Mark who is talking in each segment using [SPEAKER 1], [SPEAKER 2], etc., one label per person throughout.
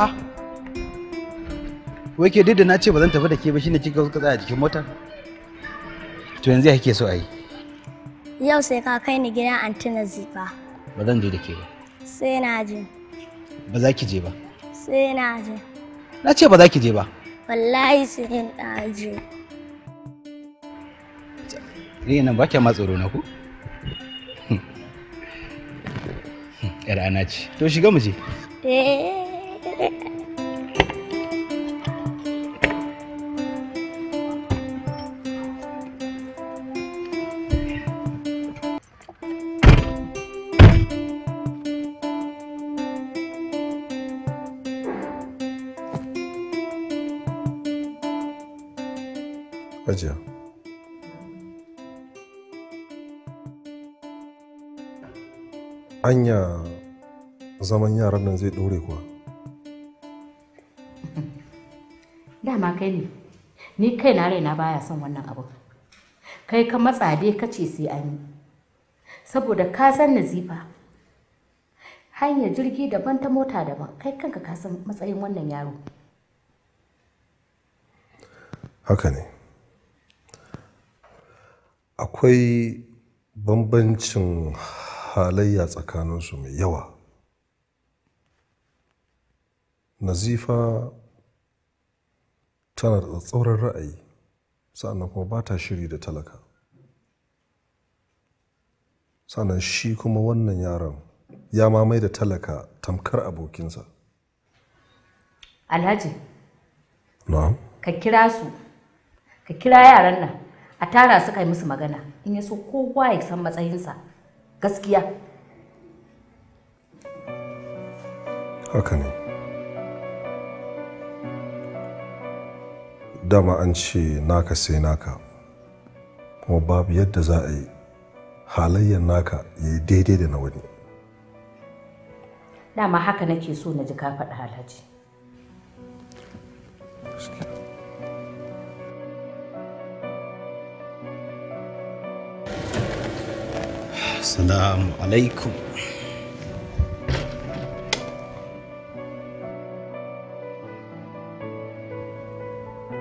[SPEAKER 1] a'a wai ke da na ce ba zan tafi da ke ba shine kika ka tsaya jikin motar to yanzu ya kike so a yi
[SPEAKER 2] yau sai ka kai ni gidan antina zifa
[SPEAKER 1] ba zan je da ke ba
[SPEAKER 2] sai na je ba za ki je ba sai na je
[SPEAKER 1] na ce ba za ki je ba
[SPEAKER 2] wallahi sai na je
[SPEAKER 1] ni nan ba kya ma tsoro na ku hm. Hm. yar ana ce to shiga mu je
[SPEAKER 2] eh
[SPEAKER 3] anya zaman yaran nan zai ɗore kuwa
[SPEAKER 4] dama kai ne ni kai na raina baya son wannan abu kai ka matsa dai ka ce sai an yi saboda ka san nazifa hanya jirgi daban ta mota daban kai kanka ka san matsayin wannan yaro
[SPEAKER 3] haka ne akwai bambancin halayya tsakaninsu mai yawa nazifa tana da tsatsauran ra'ayi sa'annan kuma ba ta shiri da talaka sannan shi kuma wannan yaron ya mamai da talaka tamkar abokinsa
[SPEAKER 4] alhaji na ka kira su ka kira yaran nan a tara su kai musu magana in ya so kowa ya san matsayinsa gaskiya
[SPEAKER 3] haka ne dama an ce naka sai naka kuma babu yadda za a yi halayyar naka ya yi daidai da na wani
[SPEAKER 4] dama haka nake so na ji ka faɗi alhaji
[SPEAKER 1] السلام عليكم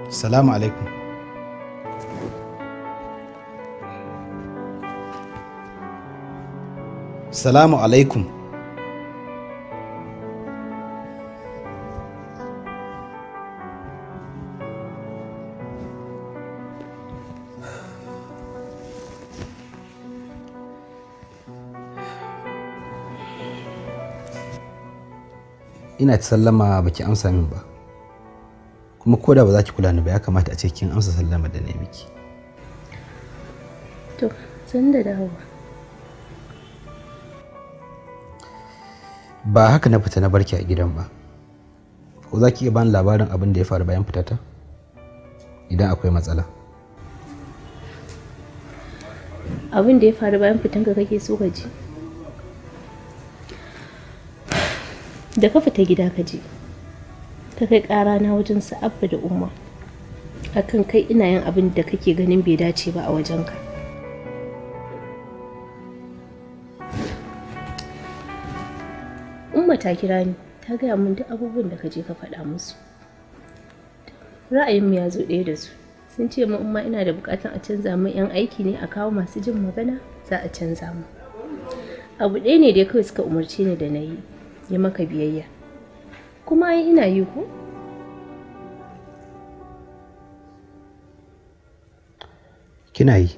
[SPEAKER 1] السلام عليكم السلام عليكم ina ta sallama baki amsa min ba kuma ko da ba za ki kula ni ba ya kamata a ce kin amsa sallama da na miki
[SPEAKER 5] to san da dawowa
[SPEAKER 1] ba haka na fita na barki a gidan ba ko za ki iya bani labarin abin da ya faru bayan fitata idan akwai
[SPEAKER 5] matsala abin da ya faru bayan fitanka kake so ka ji da ka fita gida ka je ka kai kara na wajen sa'abba da umma akan kai ina yin abin da kake ganin bai dace ba a wajenka umma ta kira ni ta gaya min duk abubuwan da ka je ka faɗa musu ra'ayinmu ya zo ɗaya da su sun ce mu umma ina da buƙatar a canza min 'yan aiki ne a kawo masu jin magana za a canza mu abu ɗaya ne da kawai suka umarce ni da na yi ya maka biyayya kuma ai ina yi ku? kina yi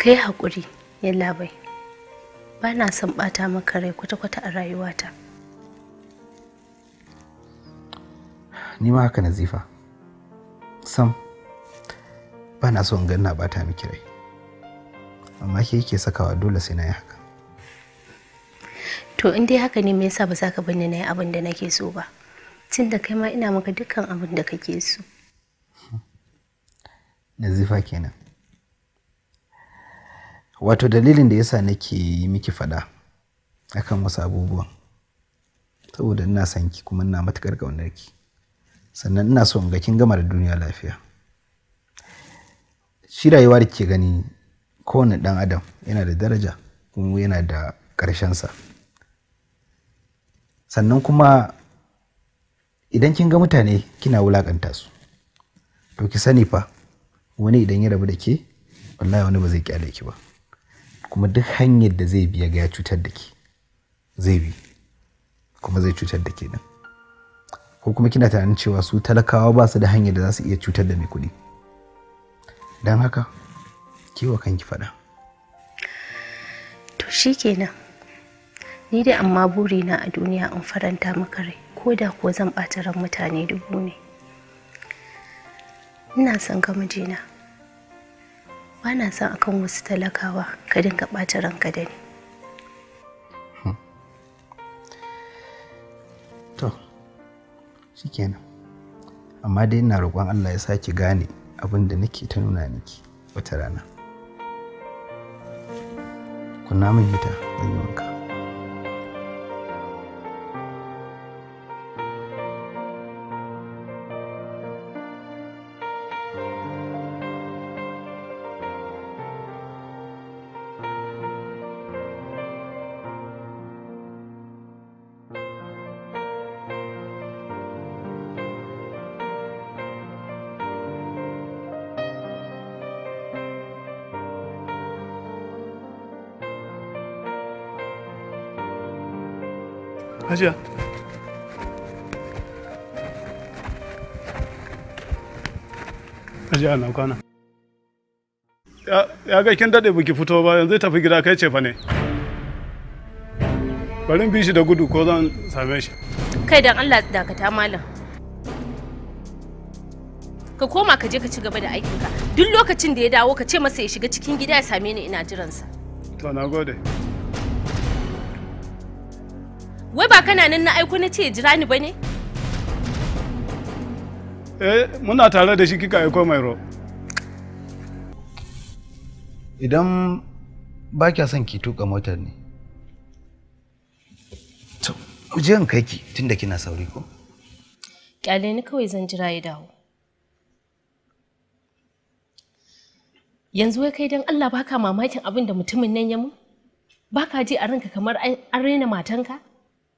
[SPEAKER 5] kai haƙuri yallaɓai ba na son ɓata maka rai kwata-kwata a rayuwata
[SPEAKER 1] ni ma haka nazifa sam ba na son ganin na ɓata miki rai amma ke yake sakawa dole sai na yi haka
[SPEAKER 5] to in dai haka ne me yasa ba za ka bani na yi abin da nake so ba tun da kai ma ina maka dukkan abin da kake so
[SPEAKER 1] nazifa kenan wato dalilin da yasa nake yi miki fada akan wasu abubuwan saboda ina son ki kuma ina matukar ƙaunar ki sannan ina son ga kin gama da duniya lafiya shi rayuwa da ke gani kowane ɗan adam yana da daraja kuma yana da sa, sannan kuma idan kin ga mutane kina wulakanta su to ki sani fa wani idan ya rabu da ke wallahi wani ba zai kyale ki ba kuma duk hanyar da zai biya ga ya cutar da ke zai bi kuma zai cutar da ke nan ko kuma kina tunanin cewa su talakawa ba su da hanyar da za su iya cutar da mai kuɗi don haka kiwa
[SPEAKER 5] kanki faɗa to shi kenan ni dai amma burina a duniya in faranta makare, rai ko da kuwa zan ɓata ran mutane dubu ne ina son ga mijina ba na son akan wasu talakawa ka dinga ɓata ranka da ni hmm.
[SPEAKER 6] to shikenan
[SPEAKER 1] amma dai ina roƙon Allah ya sake gane abin da nake ta nuna niki wata rana kunna min hita zan yi wanka
[SPEAKER 7] hajiya na ya ga kin dade biki fito ba yanzu tafi gida kai ce fa ne bari bi shi da gudu ko zan same shi
[SPEAKER 5] kai dan Allah dakata malam ka koma ka je ka ci gaba da aikinka duk lokacin da ya dawo ka ce masa ya shiga cikin gida ya same ni ina jiransa to na gode wai ba kana nan na aiko na ce jira ni bane ne
[SPEAKER 7] eh muna tare da shi kika aiko mai ro
[SPEAKER 1] idan ba kya son ki tuka motar ne to je kai ki tunda kina sauri ko
[SPEAKER 5] kyale ni kawai zan jira ya dawo yanzu wai kai dan Allah baka mamakin abin da mutumin nan ya mun baka ji a ranka kamar an raina matanka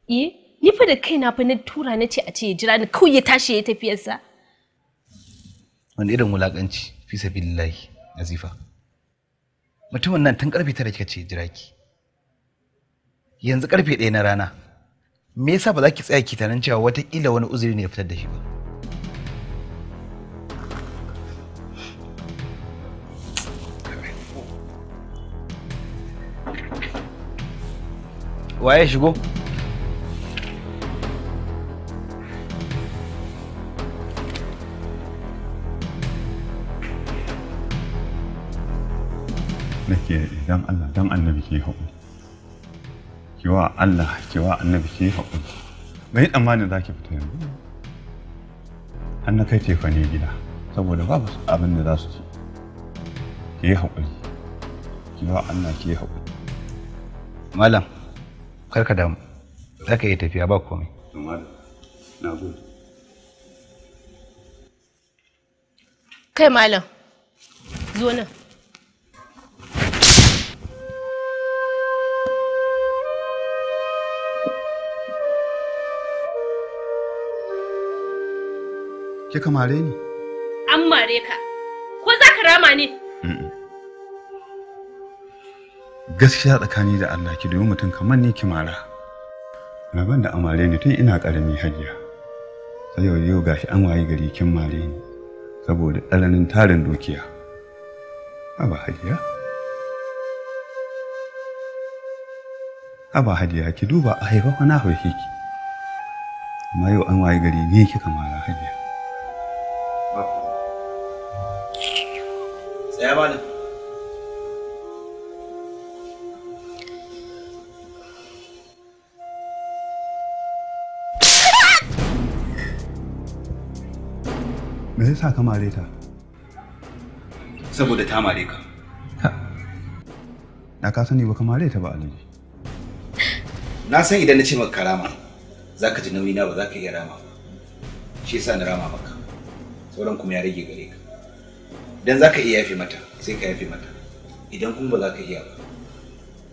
[SPEAKER 5] eh ni fa da kaina fa na tura na ce a ce ya jira ni kawai ya tashi ya tafiyarsa
[SPEAKER 1] wanda irin wulakanci fi sabilillahi azifa mutumin nan tun karfe tara kika ce jira ki yanzu karfe ɗaya na rana me yasa ba za ki tsaya ki tanan cewa watakila wani uzuri ne ya fitar da shi ba waye shigo
[SPEAKER 6] nake dan Allah dan annabi ke haƙuri kiwa Allah
[SPEAKER 3] kiwa annabi ke haƙuri
[SPEAKER 7] bai tsammanin za ki fita yanzu
[SPEAKER 3] an na kai tefa ne gida saboda babu abin da za su ci ke haƙuri kiwa Allah ke yi haƙuri malam kar ka damu
[SPEAKER 1] za ka iya tafiya ba komai
[SPEAKER 7] na gode
[SPEAKER 5] kai malam zo nan
[SPEAKER 3] Kika mare ni?
[SPEAKER 5] An mare ka. Ko za ka rama ne?
[SPEAKER 6] Gaskiya tsakani da Allah ki domin mutum kamar ni ki mara. Rabon da amare ni tun ina ƙarami hajiya. Sai yau yau gashi an waye
[SPEAKER 7] gari kin mare ni saboda tsananin tarin dukiya. Aba hajiya.
[SPEAKER 1] Aba hajiya ki duba a haifafa na haife ki. Amma yau an waye gari ne kika mara hajiya. Tsaya malam. Me
[SPEAKER 3] ka mare ta?
[SPEAKER 1] Saboda ta mare ka.
[SPEAKER 3] Na ka sani ba ka mare ta ba Alhaji.
[SPEAKER 1] Na san idan na ce maka karama za ka ji nauyi na ba za ka iya rama. Shi yasa na rama maka. Sauran kuma ya rage gare ka. dan ka iya yafe mata sai ka yafe mata idan kuma ba za ka iya ba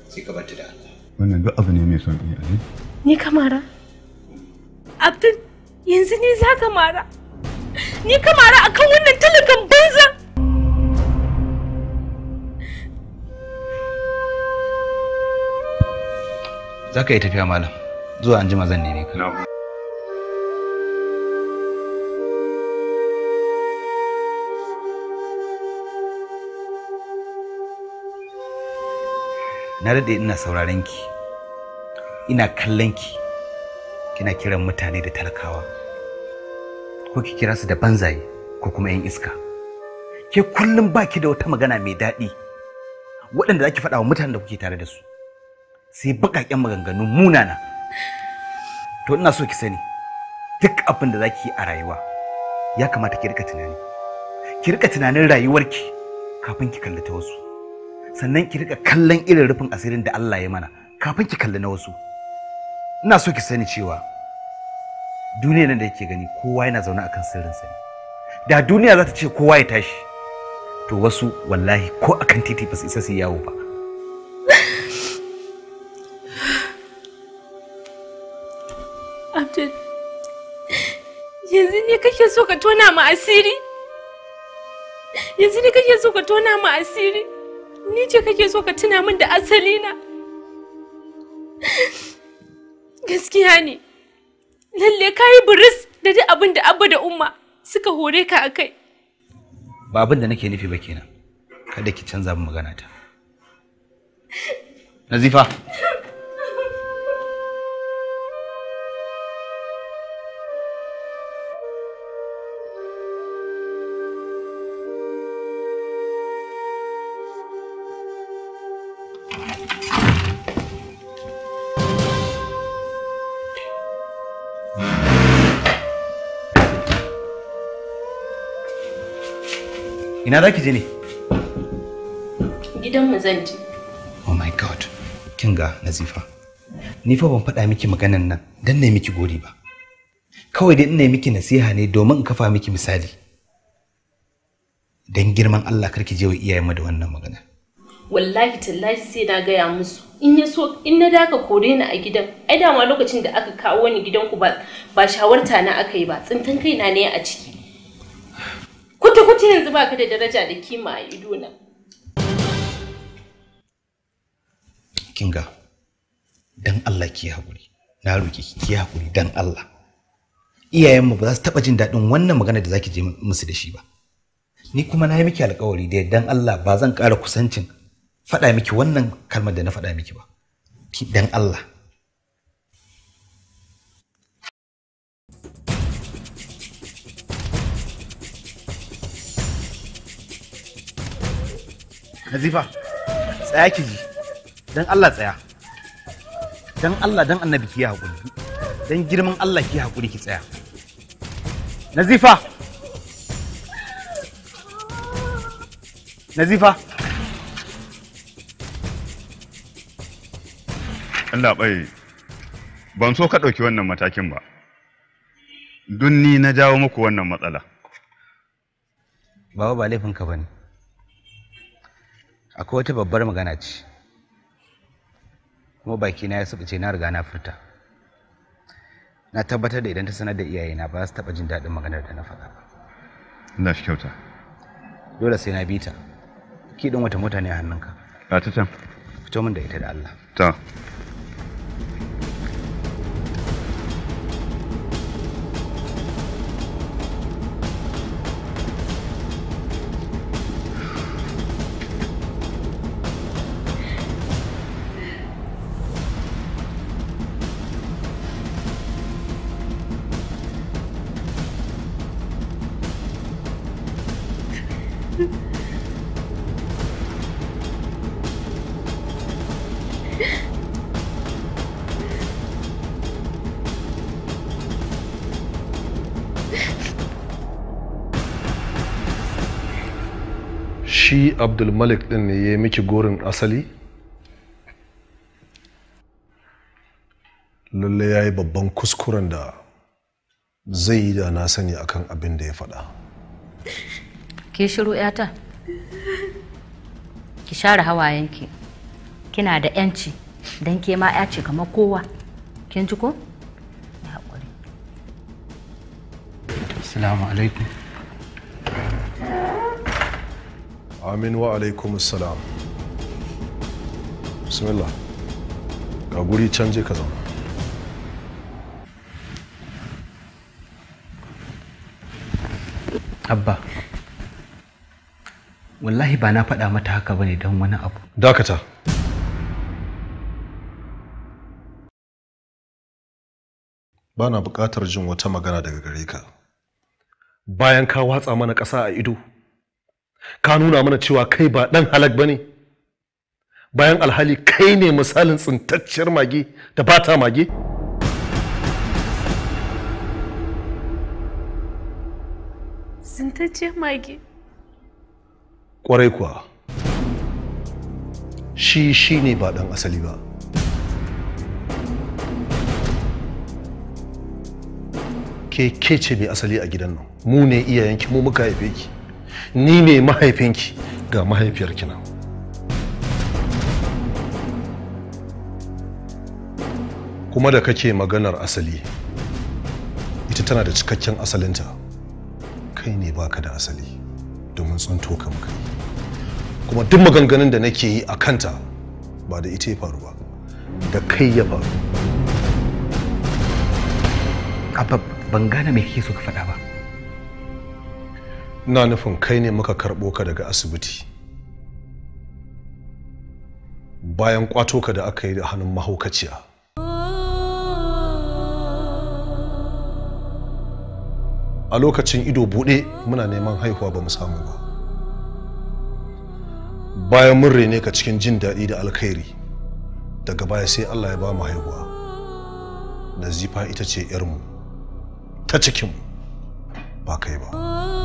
[SPEAKER 1] sai ka bata da Allah
[SPEAKER 3] wannan duk abu ne mai son iya ne eh?
[SPEAKER 5] ni ka mara abdul yanzu ne za ka mara ni ka mara akan wannan talakan banza
[SPEAKER 1] za ka yi tafiya malam zuwa an jima zan neme ka na daɗe ina sauraren ki ina kallon ki kina kiran mutane da talakawa ko ki kira su da banzaye ko kuma yan iska ke kullum baki da wata magana mai daɗi waɗanda za ki faɗa wa mutanen da kuke tare da su sai baƙaƙen maganganu munana to ina so ki sani duk abin da za ki yi a rayuwa ya kamata ki rika tunani ki rika tunanin rayuwarki kafin ki kalli ta wasu sannan ki rika kallon irin rufin asirin da Allah ya mana kafin ki kalli na wasu ina so ki sani cewa duniya nan da yake gani kowa yana zaune akan sirrin sa da duniya za ta ce kowa ya tashi to wasu wallahi ko akan titi ba su isa su yawo ba
[SPEAKER 5] Abdul yanzu ne kake so ka tona mu asiri yanzu ne kake so ka tona mu asiri ni ce kake so ka tuna min da asali na gaskiya ne lalle ka yi buris da duk abin da abba da umma suka hore ka a kai
[SPEAKER 1] ba abin da nake nufi ba kenan kada ki canza min magana ta nazifa ina za ki je ne
[SPEAKER 5] gidanmu zan je
[SPEAKER 1] oh my god kin ga nazifa ni fa ban faɗa miki maganan nan dan ne miki gori ba kawai dai ina miki nasiha ne domin in kafa miki misali dan girman Allah karki je wa iyayenmu da wannan magana
[SPEAKER 5] wallahi tallahi sai na gaya musu in ya so in na daka kore ni a gidan ai ma lokacin da aka kawo ni gidan ku ba ba shawarta na aka yi ba tsintan kaina ne a ciki kuti kutu yanzu baka da daraja da kima a na
[SPEAKER 1] Kinga, dan Allah ki hakuri, na roki ki hakuri dan Allah. Iyayenmu ba za su taɓa jin daɗin wannan magana da zaki je musu da shi ba. Ni kuma na yi miki alƙawari da dan Allah ba zan ƙara kusancin faɗa miki wannan kalmar da na faɗa miki ba. Dan Allah, nazifa tsaya ki ji dan Allah tsaya dan Allah dan annabi ki hakuri dan girman Allah ki hakuri ki tsaya nazifa
[SPEAKER 7] nazifa Allah bai ban so ka ɗauki wannan matakin ba dun ni na jawo muku wannan matsala baba ba laifinka ba ne
[SPEAKER 1] akwai wata babbar magana ce kuma bakina ya ce na riga na furta na tabbatar da idan ta sanar da iyayena ba su taɓa jin daɗin maganar da na faɗa ba ina shi kyauta dole sai na bita ta ki ɗin wata mota a hannunka a ta fito min da ita da Allah
[SPEAKER 8] ta
[SPEAKER 3] shi abdulmalik din ne ya yi miki gorin asali lalle ya yi babban kuskuren da zai yi da na sani akan abin da ya faɗa
[SPEAKER 4] ke shiru yata ki share hawayenki kina da 'yanci don ke ma 'ya ce kamar kowa kin ji ko?
[SPEAKER 3] salamu alaikum. amin wa alaikum salam bismillah ga guri can ka zama.
[SPEAKER 1] abba wallahi ba na faɗa mata haka bane don
[SPEAKER 3] wani abu dakata ba na buƙatar jin wata magana daga gare ka bayan ka watsa mana ƙasa a ido ka nuna mana cewa kai ba ɗan halak ba ne bayan alhali kai ne misalin tsintacciyar mage da bata mage
[SPEAKER 5] tsintacciyar mage
[SPEAKER 3] ƙwarai kuwa shi shi ne ba ɗan asali ba ke ce mai asali a gidan nan mu ne iyayenki mu muka haife ki ni ne mahaifinki ga mahaifiyarki kina. kuma da kake maganar asali ita tana da cikakken asalinta kai ne baka da asali domin tsunto ka muka kuma duk maganganun da nake yi a kanta ba da ita ya faru ba da kai ya faru abba ban gane me kake so ka faɗa ba na nufin kai ne muka karɓo ka daga asibiti bayan kwato ka da aka yi da hannun mahaukaciya a lokacin ido buɗe muna neman haihuwa ba mu samu ba bayan mun rene ka cikin jin daɗi da alkhairi daga baya sai allah ya ba mu haihuwa nazifa ita ce 'yarmu ta cikinmu ba kai ba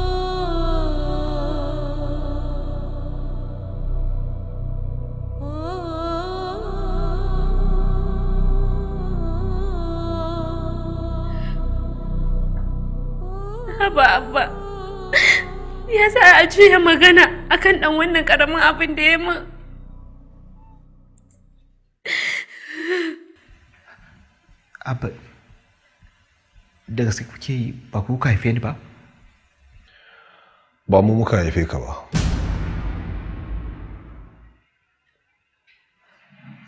[SPEAKER 5] juya magana akan ɗan wannan karamin abin da ya min.
[SPEAKER 1] Abba, daga sai kuke ba ku ka haife ni ba?
[SPEAKER 3] Ba mu muka haife ka ba.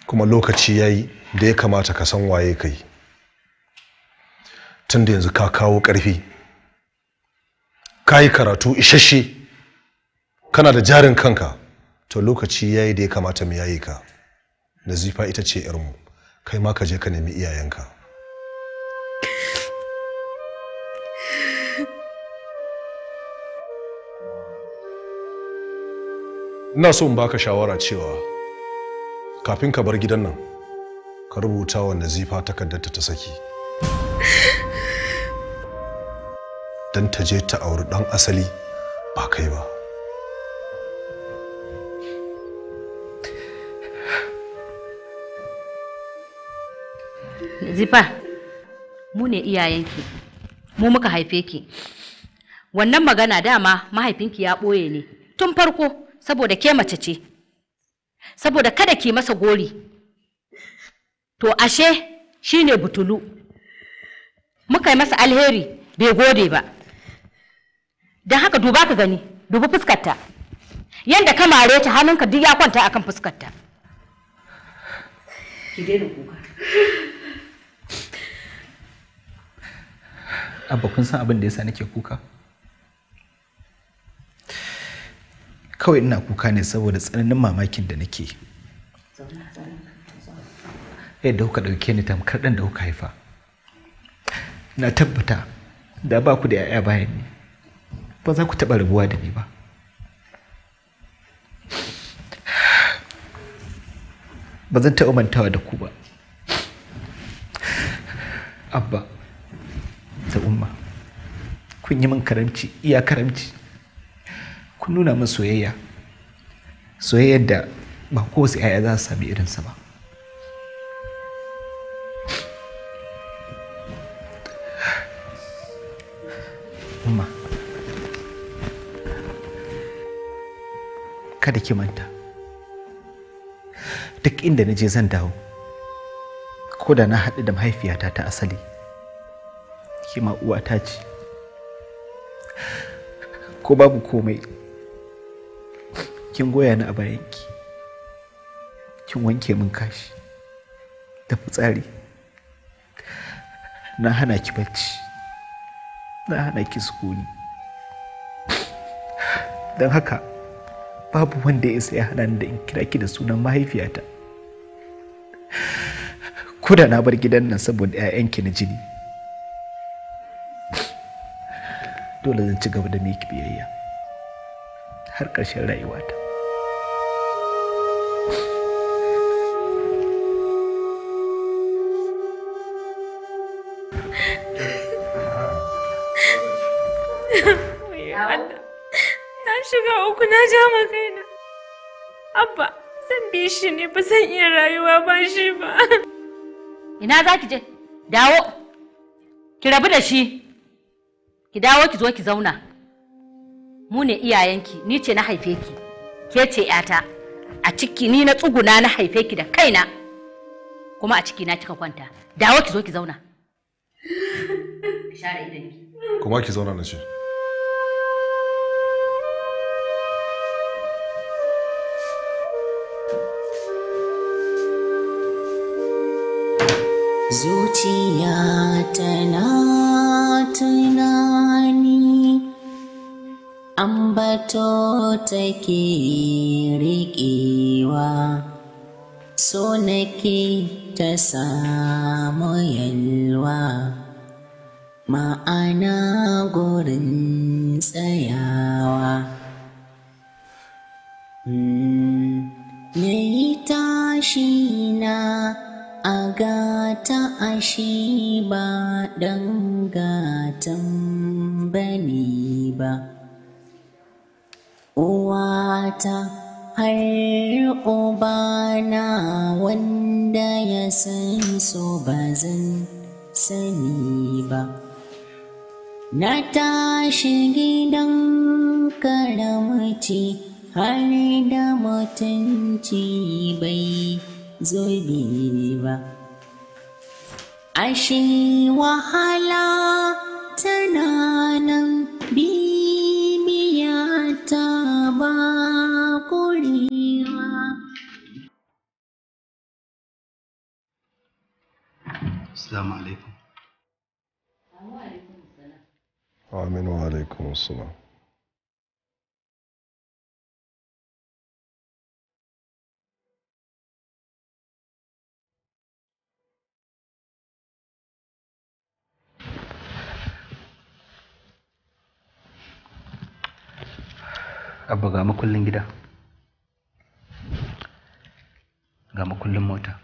[SPEAKER 3] Kuma lokaci ya yi da ya kamata ka san waye ka yi. Tun da yanzu ka kawo ƙarfi, ka yi karatu isasshe. kana da jarin kanka to lokaci ya yi da ya kamata mu yayi ka nazifa ita ce yarmu kai ma ka je ka nemi iyayenka ina so in baka shawara cewa kafin ka bar gidan nan ka rubuta wa nazifa takardarta ta saki don ta je ta auri dan asali ba kai ba
[SPEAKER 4] zifa mu ne iyayenki mu muka haife ki wannan magana dama mahaifinki ya ɓoye ne tun farko saboda ke mace ce saboda kada ki masa gori to ashe shi ne butulu muka yi masa alheri bai gode ba don haka duba ka gani dubi fuskarta yadda ka mare ta hannunka duk ya kwanta akan fuskarta ki daina kuka
[SPEAKER 1] abba kun san abin da yasa nake kuka kawai ina kuka ne saboda tsananin mamakin da nake yadda kuka ɗauke ni tamkar ɗan da kuka haifa na tabbata da ba ku da 'ya'ya bayan ni ba za ku taɓa rabuwa da ni ba ba zan taɓa mantawa da ku ba abba ta umma kun yi min karamci iya karamci kun nuna min soyayya soyayyar da ba su 'ya'ya za su sami irinsa ba umma kada ki manta duk inda na je zan dawo ko da na haɗu da mahaifiyata ta asali ke ma uwata ce ko babu komai kin goya ni a bayanki kin wanke min kashi da fitsari na hana ki bacci na hana ki sukuni don haka babu wanda ya sai hana da in kira ki da sunan mahaifiyata da na bar gidan nan saboda 'ya'yanki na jini dole zan ci gaba da miki biyayya har ƙarshen rayuwata
[SPEAKER 5] Na shiga uku na ja kaina. Abba, zan bi shi ne ba zan iya rayuwa ba shi ba. Ina za ki je?
[SPEAKER 4] Dawo, ki rabu da shi. ki dawo ki zo ki zauna mu ne iyayenki ni ce na haife ki ke ce yata a ciki ni na tsuguna na haife ki da kaina kuma a ciki na kika kwanta dawo ki zo ki zauna share idanki
[SPEAKER 3] kuma ki zauna na ce
[SPEAKER 2] zuciya tana tunani ambato take riƙewa so nake ta samu yalwa ma'ana gurin tsayawa Hmm, tashi na a gata ashe ba ɗan gatan bane ba. Uwata har na wanda ya san so ba zan sani ba. Na tashi gidan karamci har da mutunci bai zobe ba ashe wahala tana nan bibiya ta ba kurewa Assalamu alaikum. Amin wa alaikum assalam.
[SPEAKER 1] a ga makullin gida ga makullin mota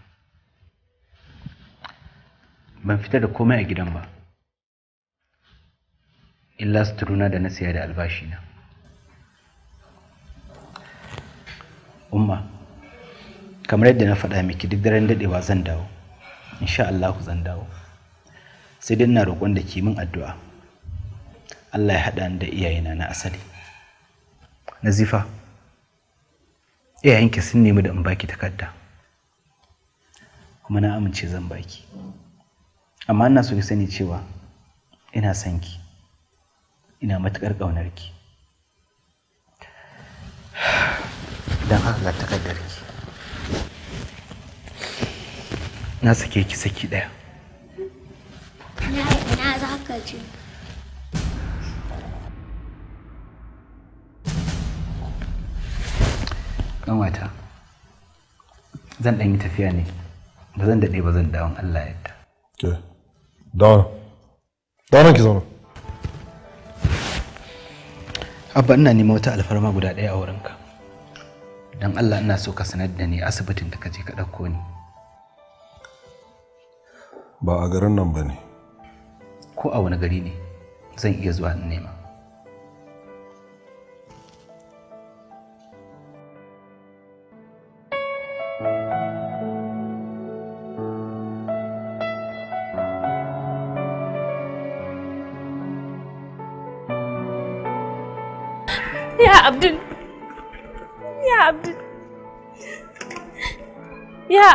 [SPEAKER 1] ban fita da komai a gidan ba illa suturuna da na siya da albashina umma kamar yadda na faɗa miki duk daren daɗewa zan dawo insha Allah zan dawo sai dai ina roƙon da ki min addu'a Allah ya haɗa ni da iyayena na asali nazifa iyayenki sun nemi da in baki takarda kuma na amince zan baki amma ina so ki sani cewa ina son ki ina matuƙar ƙaunar ki don haka ga takardar ki na sake ki saki ɗaya
[SPEAKER 2] ina za ka je
[SPEAKER 1] ƙanwata zan ɗan yi tafiya ne ba zan daɗe ba zan dawon Allah ya ta. Ke, dawon, dawon ki zauna. Abba ina neman wata alfarma guda ɗaya a wurinka. Don Allah ina so ka sanar da ni asibitin da ka ka ɗauko ni. Ba a garin nan ba ne. Ko a wani gari ne zan iya zuwa nema.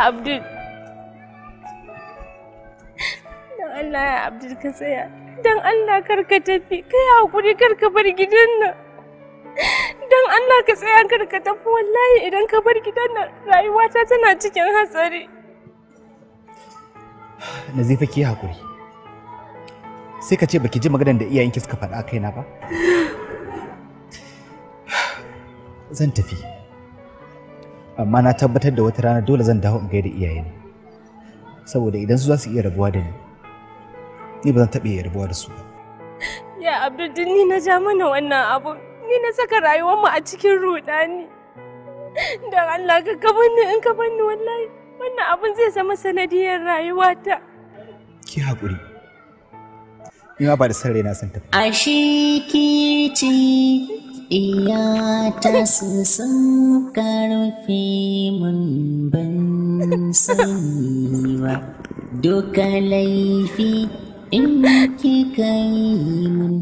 [SPEAKER 5] abdul don allah ya abdul ka tsaya don allah kar ka tafi kai hakuri kar ka bar gidan nan don allah ka tsaya kar ka tafi wallahi idan ka bar gidan nan rayuwata tana cikin hatsari
[SPEAKER 8] nazifa ki
[SPEAKER 1] hakuri sai ka ce baki ji maganar da iyayenki suka faɗa kaina ba zan tafi amma na tabbatar da wata rana dole zan dawo in gaida iyayena saboda idan su za su iya rabuwa da ni ni ba zan taɓa iya rabuwa da su ba
[SPEAKER 5] ya abdul ni na ja mana wannan abu ni na saka rayuwar mu a cikin rudani don allah ka ka ni in ka ni wallahi wannan abun zai zama sanadiyar rayuwata
[SPEAKER 1] ki hakuri ni ba da san raina san tafi
[SPEAKER 2] a ki ci iyata su sun karfi mun ban sani ba duka laifi in kika yi mun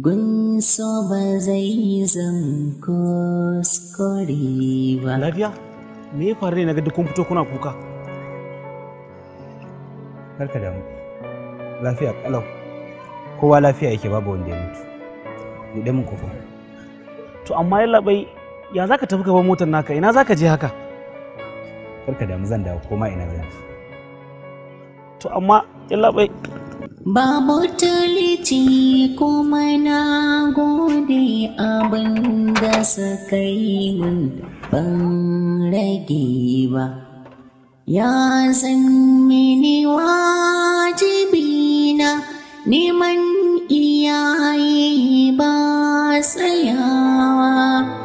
[SPEAKER 2] gunso ba zai zan kuskure ba lafiya me ya faru ne na ga kun fito kuna kuka
[SPEAKER 7] karka damu
[SPEAKER 1] lafiya kalau kowa lafiya yake babu wanda ya mutu buɗe mun kofa
[SPEAKER 7] to amma yalla bai ya zaka tafi gaban motar naka ina zaka je haka
[SPEAKER 1] karka damu zan dawo koma ina zan
[SPEAKER 2] to amma yalla bai ba mutulici kuma na gode abin da suka yi min ban rage ba ya san mini wajibi na neman iyaye ba tsayawa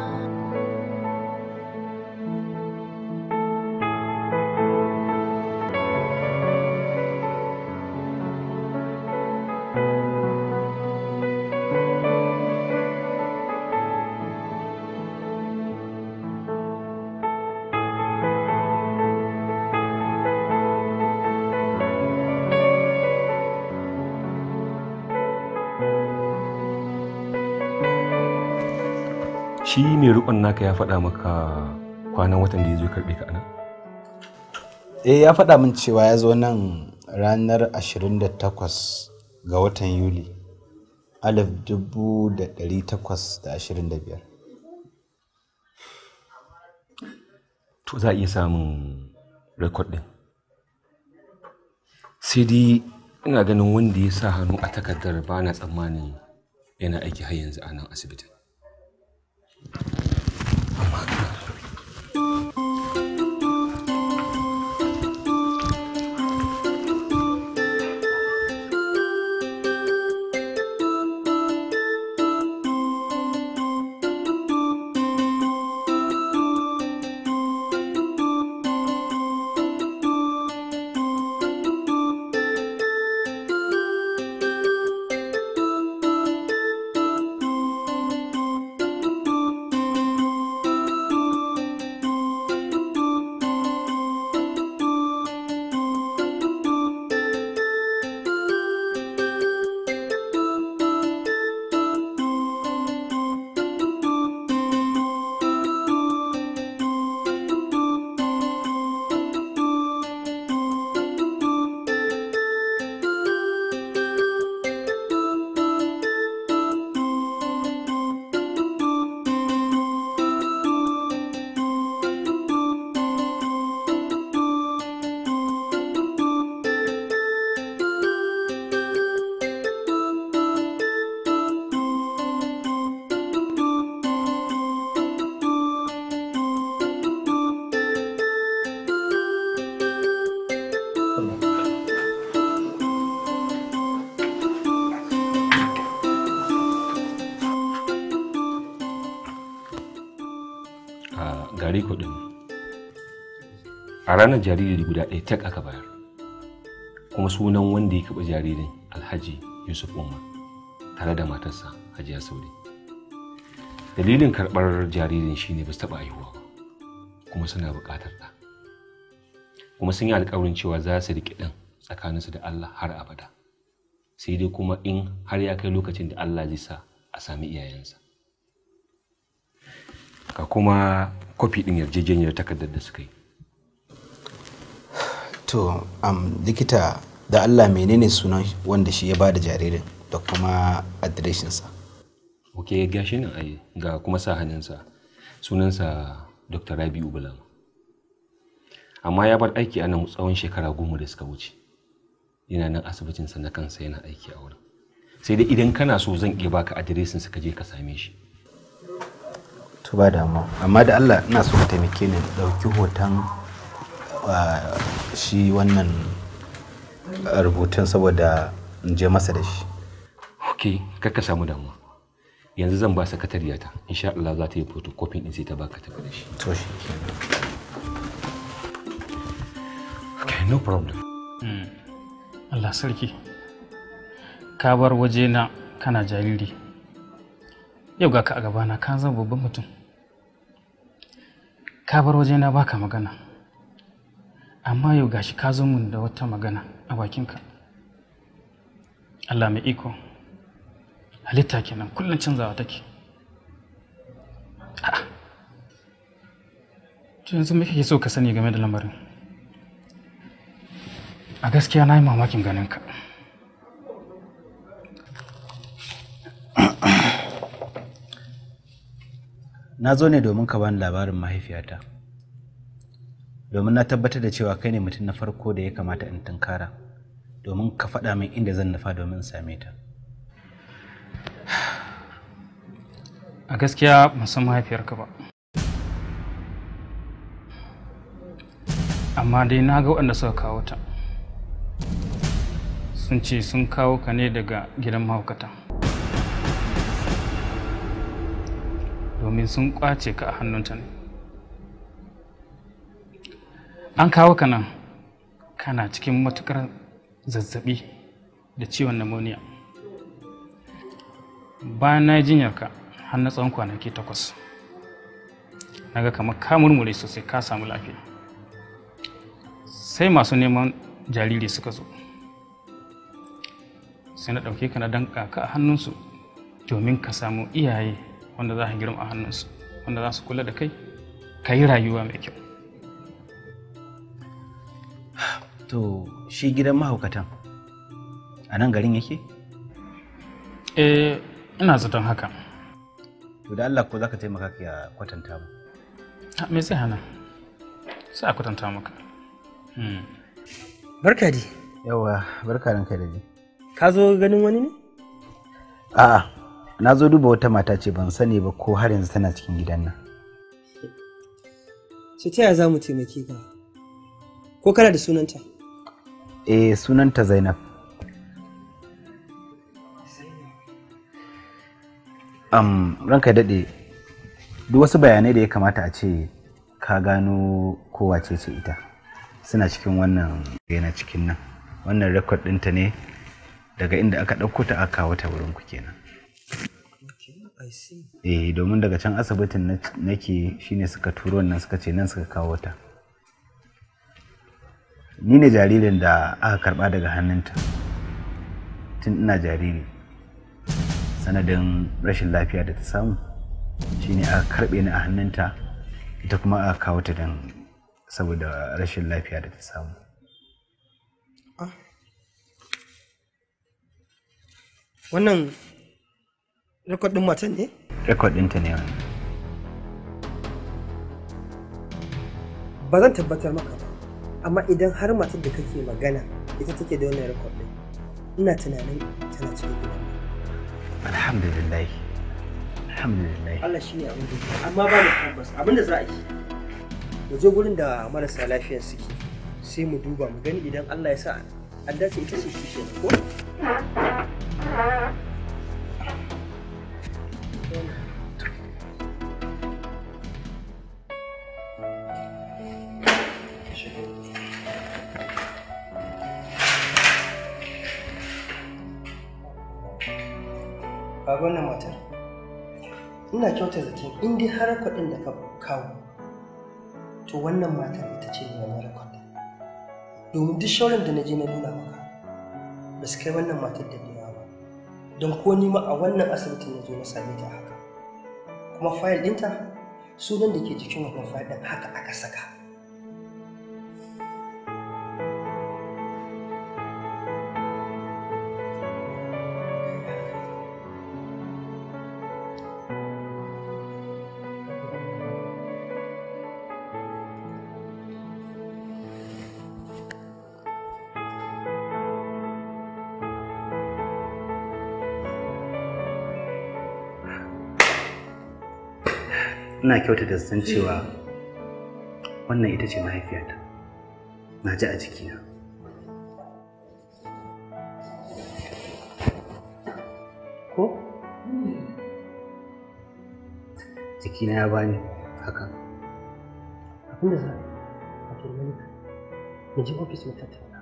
[SPEAKER 8] shi mai rukon naka ya faɗa maka kwanan watan da ya zo karɓe ka
[SPEAKER 1] eh ya faɗa min cewa ya zo nan ranar 28 ga watan yuli da 1825
[SPEAKER 8] to za a iya samun rekod din. sai dai ina ganin wanda ya sa hannu a takardar ba na tsammani yana aiki har yanzu a nan asibitin Amanda. ranar jariri guda ɗaya tak aka bayar kuma sunan wanda ya kaɓa jaririn alhaji yusuf umar tare da matarsa hajiya saudi dalilin karɓar jaririn shine ba su taɓa haihuwa ba kuma suna buƙatar ɗa kuma sun yi alƙawarin cewa za su riƙe ɗan tsakaninsu da allah har abada sai dai kuma in har ya kai lokacin da allah zai sa a sami iyayensa ka kuma kwafi ɗin yarjejeniyar takardar da suka yi
[SPEAKER 1] to um, likita da allah menene
[SPEAKER 8] sunan wanda shi ya ba da jaririn da kuma adireshinsa ok ga shi nan ai ga kuma sa hannunsa sunansa dr rabi'u bulama amma ya bar aiki a nan tsawon shekara goma da suka wuce yana nan asibitinsa na kansa yana aiki a wurin sai dai idan kana so zan iya baka adireshin ka je ka same shi
[SPEAKER 1] to ba damuwa amma da Allah ina so ka taimake ni dauki hoton shi wannan rubutun
[SPEAKER 8] saboda in je masa da shi ok kakka samu damuwa yanzu zan ba sakatariyata insha Allah za ta yi photocopy din sai ta baka tafi da shi to shi okay no problem
[SPEAKER 7] hmm. Allah sarki ka bar waje na kana jariri yau ga ka a gabana ka zama babban mutum ka bar waje na baka magana amma yau gashi ka zo mun da wata magana a bakinka Allah mai iko halitta kenan kullum canzawa take a'a to yanzu me kake so ka sani game da lamarin a gaskiya na yi mamakin ganin ka
[SPEAKER 1] na zo ne domin ka bani labarin mahaifiyata domin na tabbatar da cewa kai ne mutum na farko da ya kamata in tunkara domin ka faɗa min inda zan nufa domin same ta
[SPEAKER 7] a gaskiya ban san mahaifiyarka ba amma dai na ga waɗanda suka kawo ta sun ce sun kawo ka ne daga gidan mahaukata domin sun ƙwace ka a hannunta ne an kawo ka nan kana cikin matukar zazzabi da ciwon pneumonia bayan na jinyar ka har na tsawon kwanaki takwas na ga kamar ka murmure sosai ka samu lafiya sai masu neman jariri suka zo sai na ɗauke ka na danka ka a hannunsu domin ka samu iyaye wanda za ka girma a hannunsu wanda za su kula da kai ka yi rayuwa mai kyau
[SPEAKER 1] to shi gidan mahaukatan a nan garin yake?
[SPEAKER 7] eh ina zaton haka
[SPEAKER 1] to da Allah ko za ka taimaka ka kwatanta mu
[SPEAKER 7] me zai hana sai a kwatanta maka hmm.
[SPEAKER 1] barka di yawa barka ranka da ni
[SPEAKER 9] ka
[SPEAKER 7] zo ganin wani
[SPEAKER 9] ne
[SPEAKER 1] a'a na zo duba wata mata ce ban sani ba ko har yanzu tana cikin gidan nan
[SPEAKER 9] ce ta yaya za mu taimake ka ko kana da sunanta
[SPEAKER 1] eh sunanta zainab um, ranka daɗe duk wasu bayanai da ya kamata a ce ka gano kowa ce ce ita suna cikin wannan yana cikin nan wannan rekod ta ne daga inda aka ɗauko ta aka kawo ta wurin ku kenan eh domin daga can asibitin nake shine suka turo nan suka ce nan suka kawo ta ni ne jaririn da aka karba daga hannunta tun ina jariri sanadin rashin lafiya da ta samu shine aka karbe ni a hannunta ita kuma aka kawo ta don saboda rashin lafiya da ta samu
[SPEAKER 3] ah.
[SPEAKER 9] wannan rikodin matan ne?
[SPEAKER 1] Rikodin ta ne wani
[SPEAKER 9] ba zan tabbatar maka amma idan har matar da kake magana ita take da wannan rekod din ina tunanin tana cikin gidan
[SPEAKER 1] alhamdulillah alhamdulillah Allah
[SPEAKER 9] shi ne abin da amma ba ni tabbas abin da za a yi mu je gurin da marasa lafiyar suke sai mu duba mu gani idan Allah ya sa an dace ita ce shi ko Thank you. Baba, wannan matar ina kyauta zaton in dai har kuɗin da ka kawo to wannan matar ita ce mai wannan rakon domin duk shaurin da na je na nuna maka ba su kai wannan matar da biya ba don ko ni ma a wannan asibitin na zo na same ta haka kuma fayil ɗinta sunan da ke jikin wannan fayil ɗin haka aka saka
[SPEAKER 1] ina kyautata san cewa wannan ita ce
[SPEAKER 9] mahaifiyata na ji a jikina ko jikina ya bani haka abinda za a turmi na ji ofis mutattara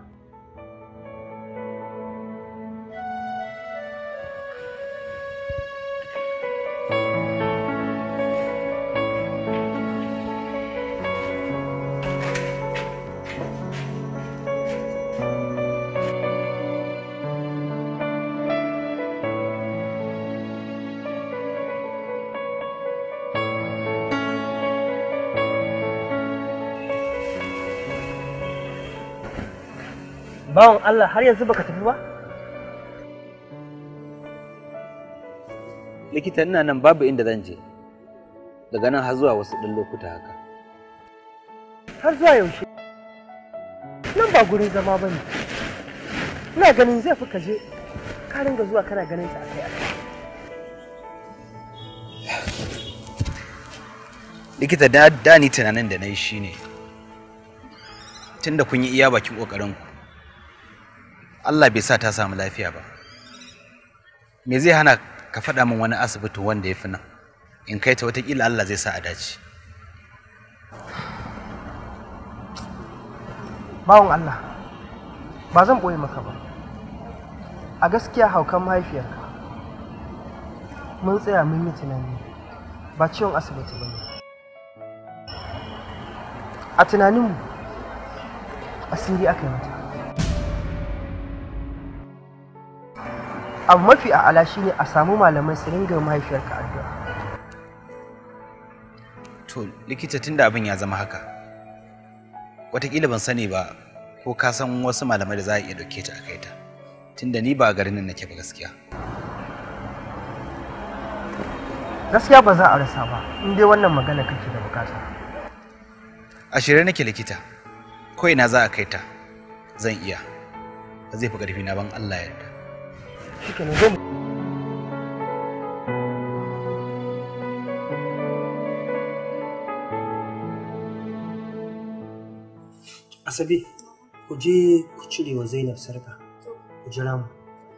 [SPEAKER 9] bawan Allah har yanzu baka tafi ba
[SPEAKER 1] likita ina nan babu inda zan je daga nan har zuwa wasu ɗan lokuta haka
[SPEAKER 4] har zuwa
[SPEAKER 9] yaushe nan ba gurin zama ba ne ina ganin zai fi kaje ka ringa zuwa kana ganin ta akai
[SPEAKER 5] akai
[SPEAKER 1] likita da ni tunanin da na yi shine tunda kun yi iya bakin ƙoƙarinku Allah bai sa ta samu lafiya ba me zai hana ka faɗa min wani asibiti wanda ya fi nan in kai ta watakila Allah zai sa a dace
[SPEAKER 9] bawon Allah ba zan ɓoye maka ba a gaskiya haukan mahaifiyarka mun tsaya mun yi tunani ba ciwon asibiti ba ne a tunaninmu asiri aka yi mata abu mafi a'ala shine a samu malamai su ringa mahaifiyarka addu'a
[SPEAKER 1] to likita tunda abin ya zama haka watakila ban sani ba ko ka san wasu malamai da za a iya dauke ta a kai ta tunda ni ba garin nan nake ba gaskiya
[SPEAKER 9] gaskiya ba za a rasa ba in dai wannan magana kake da bukata
[SPEAKER 1] a shirye nake likita ko ina za a kai ta zan iya ba zai fi ƙarfi na ban Allah ya
[SPEAKER 9] que nos vemos. Asabi, ku je ku cire wa Zainab sarka, ku jira mu.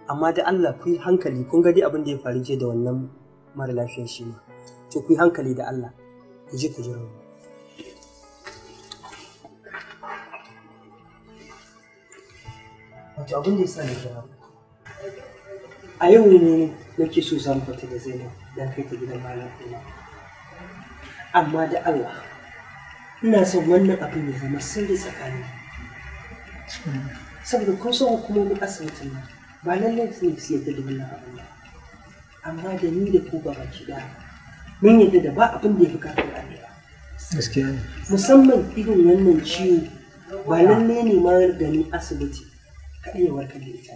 [SPEAKER 9] Amma da Allah ku yi hankali kun gadi abin da ya faru je da wannan mara lafiyar shi ma. To ku yi hankali da Allah, ku je ku jira mu. Wato abin da ya sa ne jira mu. a yau ne nake so za mu fita da zainab don kai ta gidan malam kuma amma da allah ina son wannan abin ya zama sirri tsakanin saboda kun san hukumomin asibitin nan ba lallai su ne su yadda da wannan abin ba amma da ni da ku ba baki da mun yadda da ba abin da ya fi kafin
[SPEAKER 7] arewa
[SPEAKER 9] musamman irin wannan ciwo ba lallai ne marar da ni asibiti ka iya warkar da ita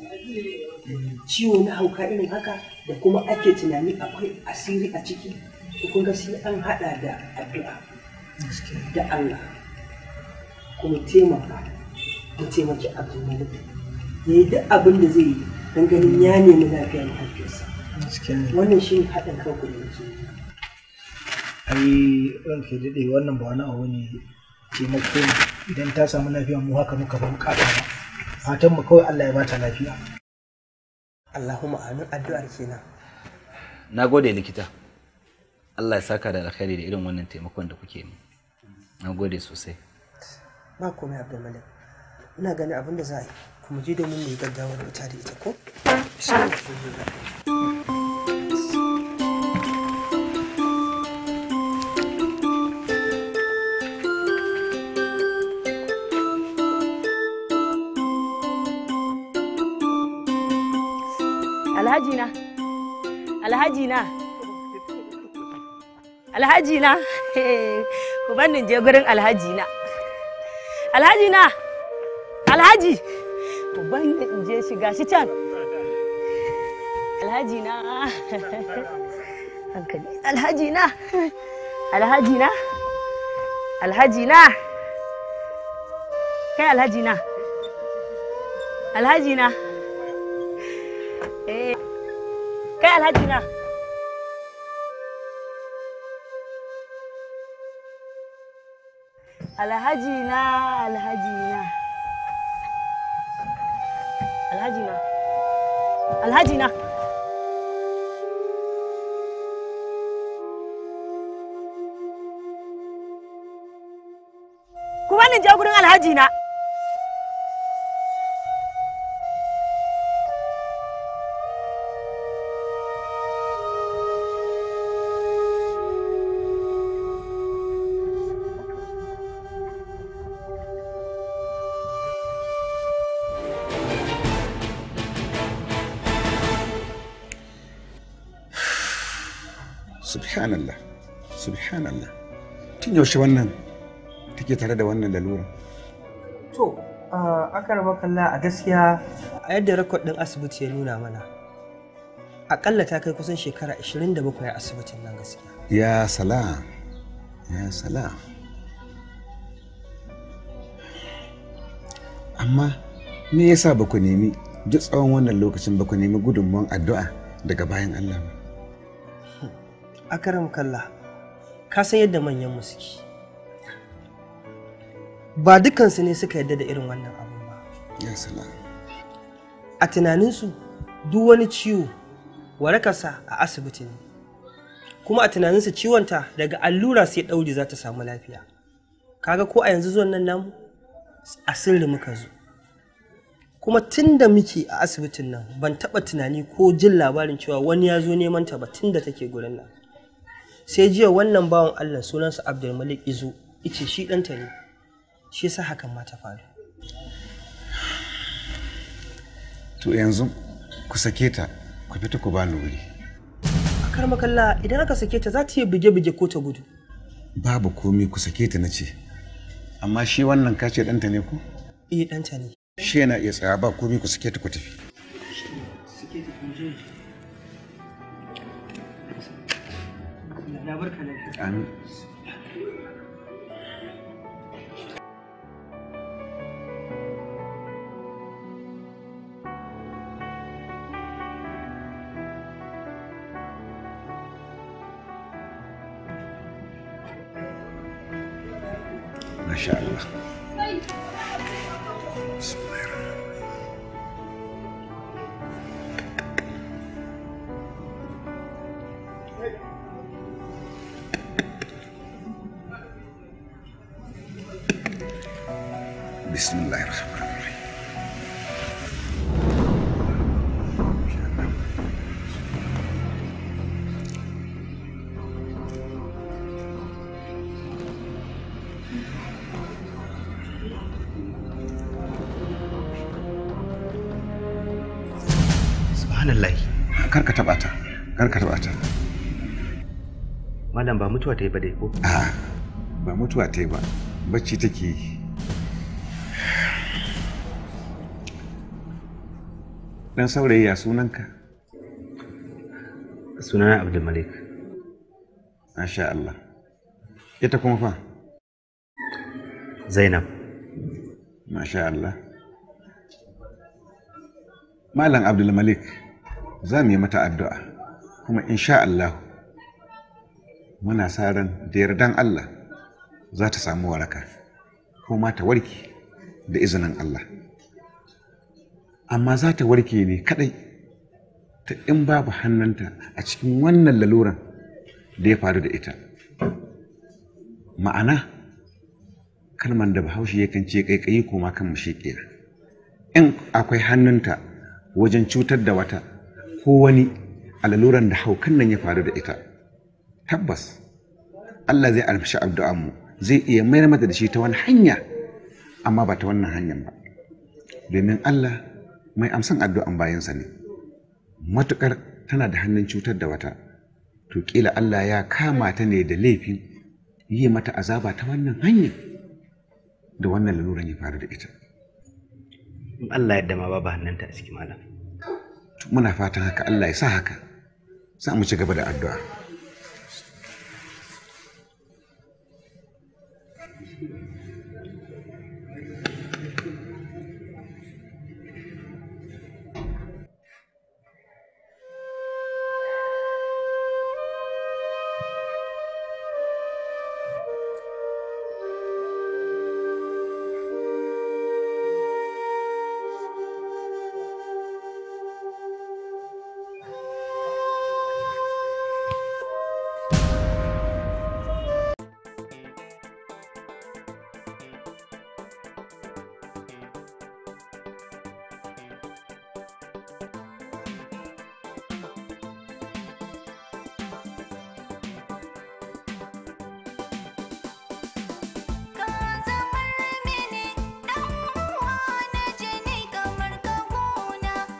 [SPEAKER 9] ciwo na hauka irin haka da kuma ake tunani akwai asiri a ciki kun ga sai an hada da addu'a da Allah kuma taimaka da taimaki abin da ya yi duk abin da zai yi don ganin ya nemi lafiya mahaifiyarsa wannan shi haɗin kanku da yake ai ranke daɗe wannan ba wani abu ne taimako idan ta samu lafiya mu haka muka ban ƙasa ba Matanmu kawai Allah ya bata lafiya Allahumma amin addu'ar kenan
[SPEAKER 1] na gode likita Allah ya saka da alkhairi da irin wannan taimakon da kuke mu na gode sosai
[SPEAKER 9] ba komai Abdulmalik ina ganin abin da za a yi kuma je domin mu yi gaggawa da ita da ita ko
[SPEAKER 5] bismillah
[SPEAKER 4] alhaji na alhaji na alhaji na ku bannin je gurin alhaji na alhaji na alhaji ku bannin je shiga shi can alhaji na hankali alhaji na alhaji na alhaji na kai alhaji na alhaji na eh kai alhaji na alhaji na
[SPEAKER 5] alhaji na alhaji na alhaji na
[SPEAKER 4] kuma ni je gurin alhaji na
[SPEAKER 6] subhanallah subhanallah tun yaushe wannan take tare da wannan lalura
[SPEAKER 9] to aka raba kalla a gaskiya a yadda rekod din asibiti ya nuna mana akalla ta kai kusan shekara 27 a asibitin nan gaskiya
[SPEAKER 6] ya salam ya salam amma me yasa ba ku nemi duk tsawon wannan lokacin ba ku nemi gudunmuwan addu'a daga bayan Allah ba
[SPEAKER 9] akaram kalla ka san yadda manyan mu suke ba dukansu ne suka yadda da irin wannan abu ba a tunaninsu duk wani ciwo warakarsa a asibiti ne kuma a tunaninsu ta daga allura sai ɗauri za ta samu lafiya kaga ko a yanzu zuwan nan namu a sirri muka zo kuma tun da muke a asibitin nan ban taɓa tunani ko jin labarin cewa wani ya zo neman ta ba tun da take gurin nan sai jiya wannan bawan allah sunansa abdulmalik izo ice shi ɗanta ne shi sa hakan ma ta faru
[SPEAKER 6] to yanzu ku sake ta ku fita ku bani wuri
[SPEAKER 9] a makalla idan aka sake ta za ta yi buge-buge ko ta gudu
[SPEAKER 6] babu komi ku sake ta na ce amma shi wannan kace ɗanta ne ko? eh ta ne shi yana iya tsaya ba komi ku sake ta ku tafi
[SPEAKER 9] i Khalil.
[SPEAKER 6] And بسم الله الرحمن الرحيم Malam ba mutuwa ba dai ko? Ah, ba mutuwa ta yi ba, bacci take yi. Dan saurayi ya sunanka? Sunana Abdulmalik. Masha Allah. Ita kuma fa? Zainab. Masha Allah. Malam Abdulmalik, za mu yi mata addu'a, kuma insha Allah muna sa ran da yardan Allah za ta samu waraka, kuma ta warke da izinin Allah. amma za ta warke ne kadai ta in babu hannunta a cikin wannan laluran da ya faru da ita ma'ana kalman da bahaushe ya kan ce kaikayi koma kan kera in akwai hannunta wajen cutar da wata ko wani a laluran da haukan nan ya faru da ita tabbas Allah zai alfashi abdu'anmu zai iya mayar mata da shi ta wani hanya amma ba ta wannan hanyar ba domin Allah mai amsan addu'an bayansa ne matukar tana da hannun cutar da wata to ƙila Allah ya kama ta ne da laifin yi mata azaba ta wannan hanya da wannan laluran ya faru da ita in Allah ya dama babu hannunta a cikin malam muna fatan haka Allah ya sa haka za mu ci gaba da addu'a